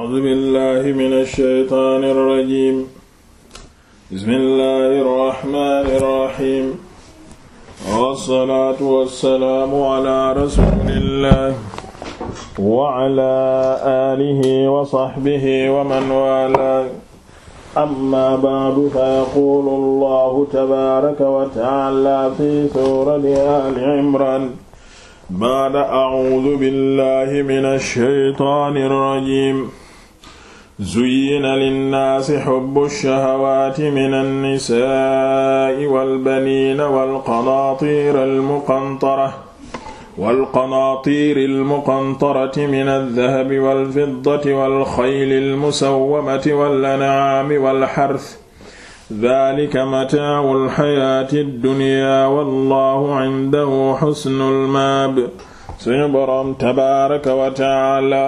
A'uuzu billaahi mina shaytaani rajiim. Bismillaahi rahmaani rahiim. Wa salaatu wa salaamu alaa rasuulillaahi wa alaa aalihi wa sahbihi wa man waalaahu. Ammaa ba'du fayaquulu Allaahu tabaaraka wa ta'aalaa fii suurati Aali Imraan. Ba'da a'uuzu billaahi mina shaytaani rajiim. zuyina linnaasi xubbu shahawaati min annisaai walbaniina walqanaatiri almuqantara walqanaatiri almuqantarati min aldahabi walfiddati walxayli almusawwamati walancaami walxarth dalika mataacu alxayaati addunyaa wallahu cindahu xusnu almaab suñu boroom tabaaraka wa tacaala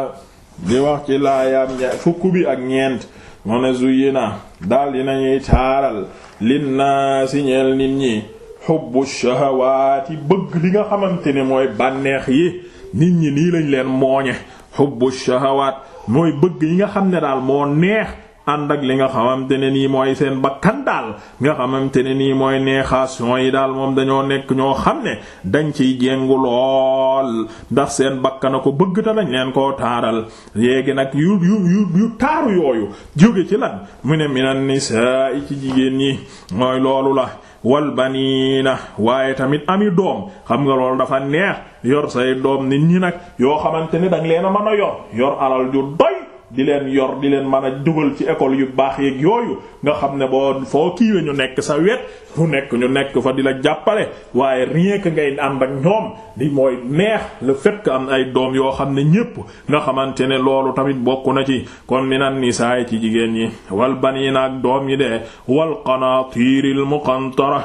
di wax ci laayaam fukk bi ak ñeent mu ne zuyina daal dinañuy taaral linnaasi ñeel nit ñi xubbu shahawaati bëgg li nga xamante ne mooy bànneex yi nit ñi nii lañ leen mooñe xubbu shahawaat mooy bëgg yi nga xam ne daal moo neex ànd ak li nga xamante ne nii mooy seen bakkan daal nga xamante ne nii mooy neexation yi daal moom dañoo nekk ñoo xam ne dañ ciy jéngu lool seen bakkana ko bëgg ta dañ leen koo taaral léegi nag yu yu yu yu taaru yooyu jóge ci mu ne minan nisaa ci jigéen ñi mooy loolu la wal baniina waaye tamit ami doom xam nga loolu dafa neex yor say doom nit ñi nag yoo xamante ni danga leen a mën a yor yor alal ju doy di leen yor di leen mën a dugal ci école yu baax yeeg yooyu nga xam ne boo foo kiiwee ñu nekk sa wet fu nekk ñu nekk fa di la jàppale waaye rien que ngay ànd ak ñoom di mooy neex la fekk am ay doom yoo xam ne ñépp nga xamante ne loolu tamit bokk na ci kon minan nisaay ci jigéen ñi wal baniina ak doom yi de wal qanaatiiril muqantara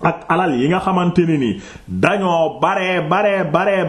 ak alal yi nga xamante ne ni dañoo baree baree baree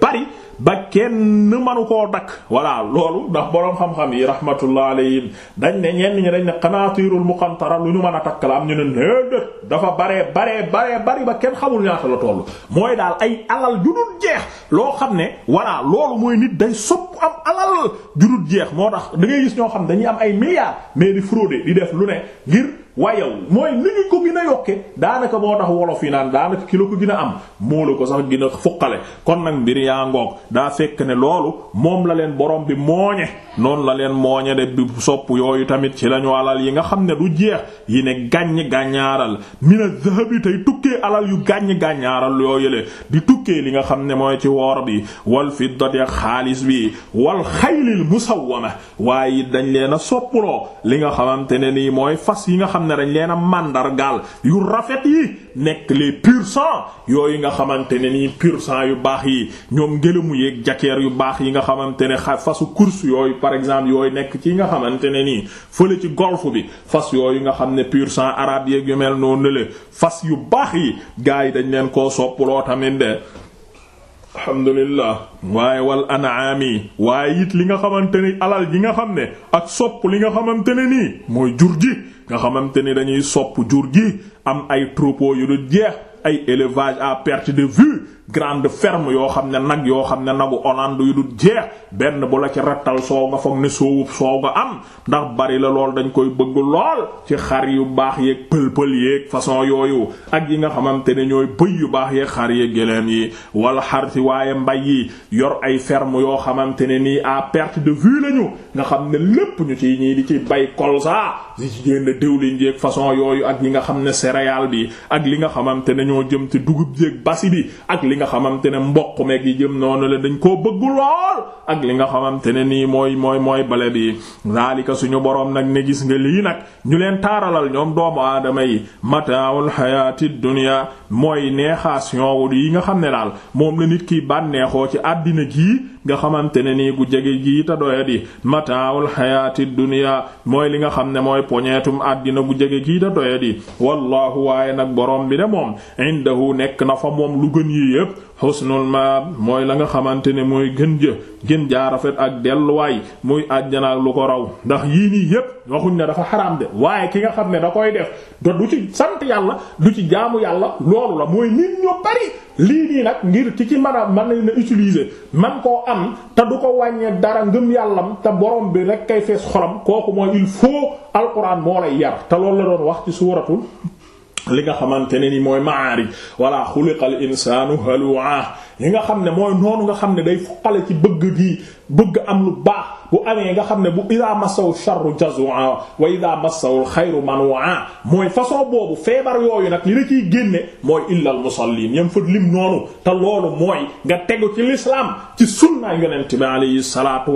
bari ba kenn mënu koo dakk voilà loolu ndax boroom xam-xam yi rahmatullah alayhim dañ ne ñenn ñi dañ ne qanatirul muqantara lu ñu mën a takk la am ñu ne néedéet dafa baree baree baree bari ba kenn xamul ñaata la tollu mooy daal ay alal ju jeex loo xam ne voilà loolu mooy nit day sopp am alal ju jeex moo tax da gis ñoo xam dañuy am ay milliards mais di frauder di def lu ne ngir. waaye yow mooy ni ñu ko gën a yokke daanaka moo tax wolof yi naan daanaka kilo ko gën a am moo la ko sax gën a fuqale kon nag mbir yaa ngoog daa fekk ne loolu moom la leen boroom bi mooñe noonu la leen mooñe de bi sopp yooyu tamit ci lañu alal yi nga xam ne du jeex yi ne gàññ gàññaaral mina zahabi tey tukkee alal yu gàññ gàññaaral yoo yële di tukkee li nga xam ne mooy ci woor bi wal fiddati xaalis bi wal xaylil musawwama waaye dañ leen a soppuloo li xam ne dañ màndargaal yu rafet yi nekk les pur sang yooyu nga xamante ne nii pur sang yu baax yi ñoom ngelamu yeeg jakeer yu baax yi nga xamante ne fasu course yooyu par exemple yooyu nekk ci nga xamante ne nii fële ci golf bi fas yooyu nga xam ne pur sang arabe yeeg yu mel noonu la fas yu baax yi gars yi dañ leen koo soppaloo tamit de. alhamdulillah waaye wal anaami waaye it li nga xamante ni alal ji nga xam ne ak sopp li nga xamante ne nii mooy jur ji nga xamante ni dañuy sopp jur gi am ay troupeau yu du jeex ay élevage à perte de vue grande ferme yoo xam ne nag yoo xam ne nagu Hollande yu du jeex benn bu la ci rattal soow nga foog ne soowub soow nga am ndax bari la lool dañ koy bëggu lool ci xar yu baax yeeg pël-pël yeeg façon yooyu ak yi nga xamante ne ñooy bëy yu baax yeeg xar yeeg gëléem yi wala xar si waaye mbay yi yor ay ferme yoo xamante ne nii à perte de vue lañu nga xam ne lépp ñu ci ñii di ci bay colza di ci génn diwlin jeeg yooyu ak yi nga xam ne céréale bi ak li nga xamante ne ñoo jëm ci dugub jeeg basi bi ak li nga xamante ne mboq meeg yi jëm noonu la dañ koo bëgg lool ak li nga xamante ne nii mooy mooy mooy bale bi zaalika suñu boroom nag ne gis nga lii nag ñu leen taaralal ñoom doomu aadama yi mataawul xayaati dunya mooy neexation yi nga xam ne daal moom la nit kiy bànneexoo ci àddina gii nga xamante ne nii gu jege gii ta doya di mataawul xayaati dunya mooy li nga xam ne mooy poñeetum àddina gu jege gii ta doya wallaahu waaye nag boroom bi de moom indahu nekk na fa moom lu gën yi lépp xusnul maab mooy la nga xamante ne mooy gën jë gën jaa rafet ak delluwaay muy àjjana ak lu ko raw ndax yii nii yépp waxuñ ne dafa xaraam de waaye ki nga xam ne da koy def te du ci sant yàlla du ci jaamu yàlla loolu la mooy nit ñu bari lii nii nag ngir ci ci mën a mën na utiliser man koo am te du ko wàññee dara ngëm yàllam te borom bi rek kay fees xolam kooku moo il faut alquran moo lay yar te loolu la doon wax ci suuratul li nga xamante ne ni mooy maari walla xuliqal insaanu waa yi nga xam ne mooy noonu nga xam ne day fuqale ci bëgg gi bëgg am lu baax bu amee nga xam ne bu ida massawu sharru jazua wa ida massawul xayru manua mooy façon boobu feebar yooyu nag li la ciy génne mooy illa al musallin yam fat lim noonu te loolu mooy ga tegu ci lislaam ci sunna yonent bi alayhi salaatu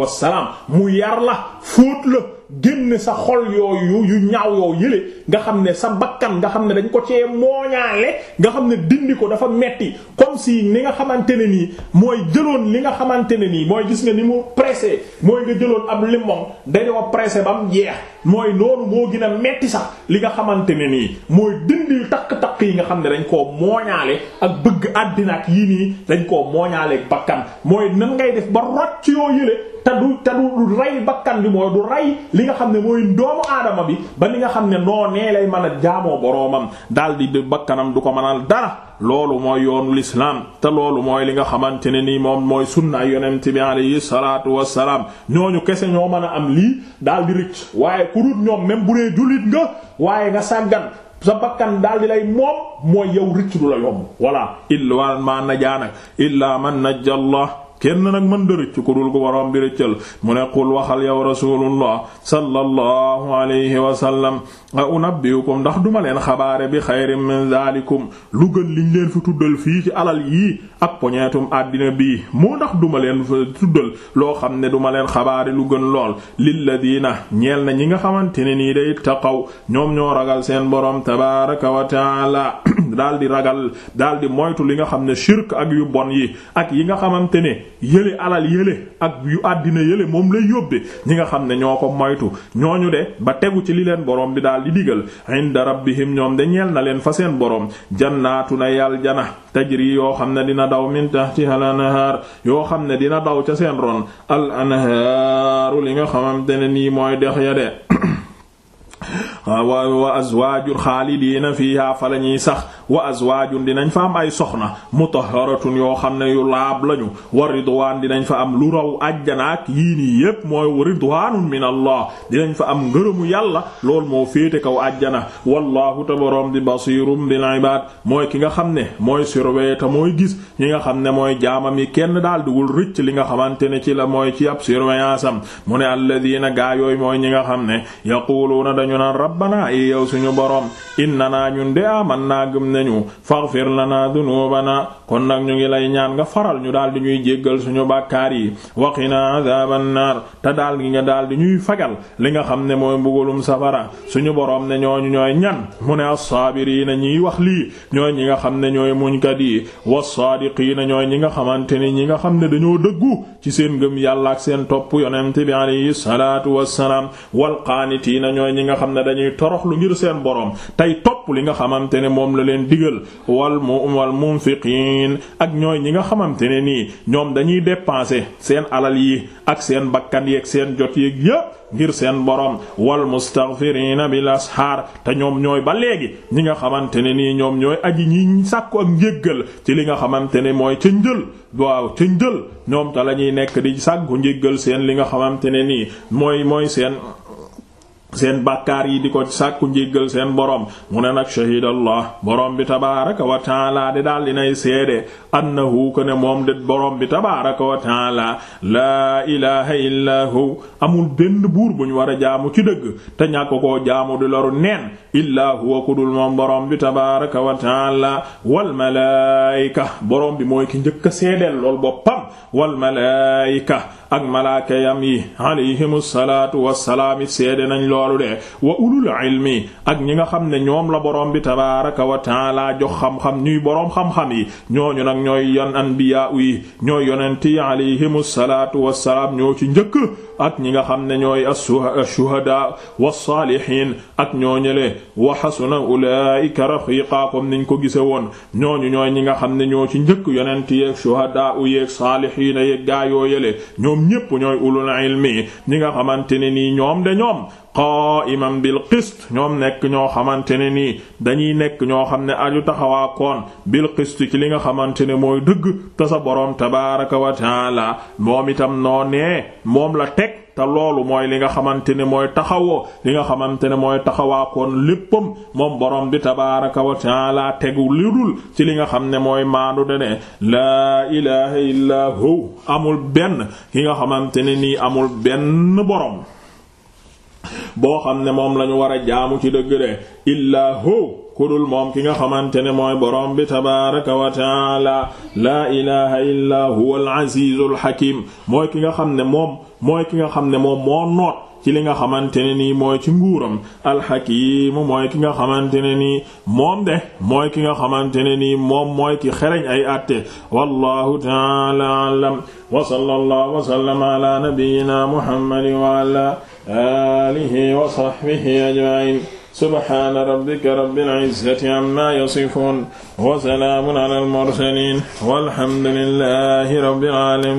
mu yar la fóot la génn sa xol yooyu yu ñaaw yoo yële nga xam ne sa bakkan nga xam ne dañ ko cee mooñaale nga xam ne dindi ko dafa metti comme si ni nga xamante ne nii mooy jëloon li nga xamante ne nii mooy gis nga ni mu pressé mooy nga jëloon ab limon dañoo pressé ba mu jeex mooy noonu moo gën a metti sax li nga xamante ne nii mooy dindi takk-takk yi nga xam ne dañ koo mooñaale ak bëgg àddina yi nii dañ koo mooñaale ak bakkan mooy nan ngay def ba rot ci yoo yële te du te du rey bakkan bi mooy du rey li nga xam ne mooy doomu aadama bi ba li nga nee lay mën a jaamoo boroomam daldi di bakkanam du ko mënal dara loolu mooy yoonu lislaam te loolu mooy li nga xamante ne nii moom mooy sunna yonent bi alayhi salaatu wassalaam ñooñu kese ñoo mën a am lii daldi ricc waaye ku dut ñoom même bu dee jullit nga waaye nga sàggan sa bakkan daal di lay moom mooy yow rëcc du la yomb voilà illa man najaa nag illa man najjallah kenn nag mën da rëcc ku dul ko waroom bi rëccal mu ne qul waxal yow rasulullah sallallahu alayhi wa sallam a unabbiukum ndax duma leen xabaare bi xayrin min dalikum lu gën liñ leen fu tuddal fii ci alal yii ak poñeetum àddina bii moo ndax duma leen fa tuddal loo xam ne duma leen xabaare lu gën lool lilladina ñeel na ñi nga xamante ne nii day taqaw ñoom ñoo ragal seen boroom tabaraka wa taala daal di ragal daal di moytu li nga xam ne shirk ak yu bon yi ak yi nga xamante ne yële alal yële ak yu àddina yële moom lay yóbbe ñi nga xam ne ñoo ko moytu ñoo ñu de ba tegu ci li leen borom bi daal di digal inda rabbihim ñoom de ñeel na leen fa seen borom jannaatu na yàl jana tajri yoo xam ne dina daw min tahtiha al anhar yoo xam ne dina daw ca seen ron al anhaaru li nga xamante ne nii mooy dex ya de Ah, wa azwaajun xaalidiina fiihaa fa la ñuy sax wa azwaajun dinañ fa am ay soxna mutahharatun yoo xam ne yu laab lañu wa ridwaan dinañ fa am lu raw àjjana ak yii nii yépp mooy ridwaanun min allah dinañ fa am ngërëmu yàlla lool moo féete kaw àjjana wallahu tabarom bi basiirum bil ibaad mooy ki nga xam ne mooy surveiller te mooy gis ñi nga xam ne mooy jaamam yi kenn daal dugul rëcc li nga xamante ne ci la mooy ci ab surveillance am mu ne alladina gaa yooyu mooy ñi nga xam ne yaquluuna dañu naan rabbana i yow suñu borom innana ñun de amanna gëm nañu faghfir lana dunubana kon nag ñu ngi lay ñaan nga faral ñu daal di ñuy jéggal suñu bàkkaar yi waqina adhaban nar te daal gi nga daal di ñuy fagal li nga xam ne mooy mbugulum safara suñu borom ne ñooñu ñooy ñan mu ne as-sabirina ñiy wax lii ñooy ñi nga xam ne ñooy muñkat yi was-sadiqina ñooy ñi nga xamante ni ñi nga xam ne dañoo dëggu ci seen gëm yàlla ak seen topp yonent bi alayhi ñuy toroxlu ngir seen boroom tey topp li nga xamante ne moom la leen digal wal mu wal munfiqiin ak ñooy ñi nga xamante ne nii ñoom dañuy dépenser seen alal yi ak seen bakkan yeeg seen jot yeeg yépp ngir seen boroom wal bi bil xaar te ñoom ñooy ba léegi ñi nga xamante ne nii ñoom ñooy aji ñi sàkku ak njéggal ci li nga xamante ne mooy ca jël waaw ca jël ñoom te la ñuy nekk di sàkku njéggal seen li nga xamante ne nii mooy mooy seen seen bàkkaar yi di ko sàkku njéggal seen borom mu ne nag shahidallah borom bi tabaaraka wa taala de daal dinay seede annahu ko ne moom de borom bi tabaaraka wa taala laa ilaha illaa hu amul benn buur bu ñu war a jaamu ci dëgg te ñàkk koo jaamu di loru neen illaa huwa ku moom borom bi tabaaraka wa taala wal malaayika borom bi mooy ki njëkk a seedeel lool boppam wal malaayika ak malaaka yam yi alayhimu salaatu wassalaam seede nañ lool loolu de wa ulul ilmi ak ñi nga xam ne ñoom la borom bi tabaaraka wa taala jox xam-xam ñuy boroom xam-xam yi ñooñu nag ñooy yan anbiya yi ñooy yonent yi wassalaam ñoo ci njëkk ak ñi nga xam ne ñooy ashuhada wasaalihin ak ñooñële wa xasuna ulaika rafiqa comme niñ ko gise woon ñooñu ñooy ñi nga xam ne ñoo ci njëkk yonent yeeg shuhada u yeeg saalihiina yeeg gaa ñoom ñépp ñooy ulul ilmi ñi nga xamante ne nii ñoom de ñoom qa'iman bil qist ñoom nekk ñoo xamante ne nii dañuy nekk ñoo xam ne aju taxawaakoon bil qist ci li nga xamante ne mooy dëgg te sa boroom tabaaraka wa taala moom itam noo nee moom la teg te loolu mooy li nga xamante ne mooy taxawoo li nga xamante ne mooy taxawaakoon léppam moom borom bi tabaaraka wa taala tegu lu dul ci li nga xam ne mooy maandu de ne laa ilaaha illaa amul benn ki nga xamante ne nii amul benn borom. boo xam ne moom lañu war a jaamu ci dëgg de illaa hu kudul moom ki nga xamante ne mooy borom bi tabaraka wa taala laa ilaha illaa huwa al azizul hakim mooy ki nga xam ne moom mooy ki nga xam ne moom moo noot ci li nga xamante ne nii mooy ci nguuram alxakiimu mooy ki nga xamante ne nii moom de mooy ki nga xamante ne nii moom mooy ki xereñ ay àtte wallahu taala alam wa sallallahu wa sallama ala nabiyyina muhammadin wa ala alihi wa sahbihi ajma'in subhana rabbika rabbil izzati amma yasifun wa salamun ala al mursalin walhamdulillahi rabbil alamin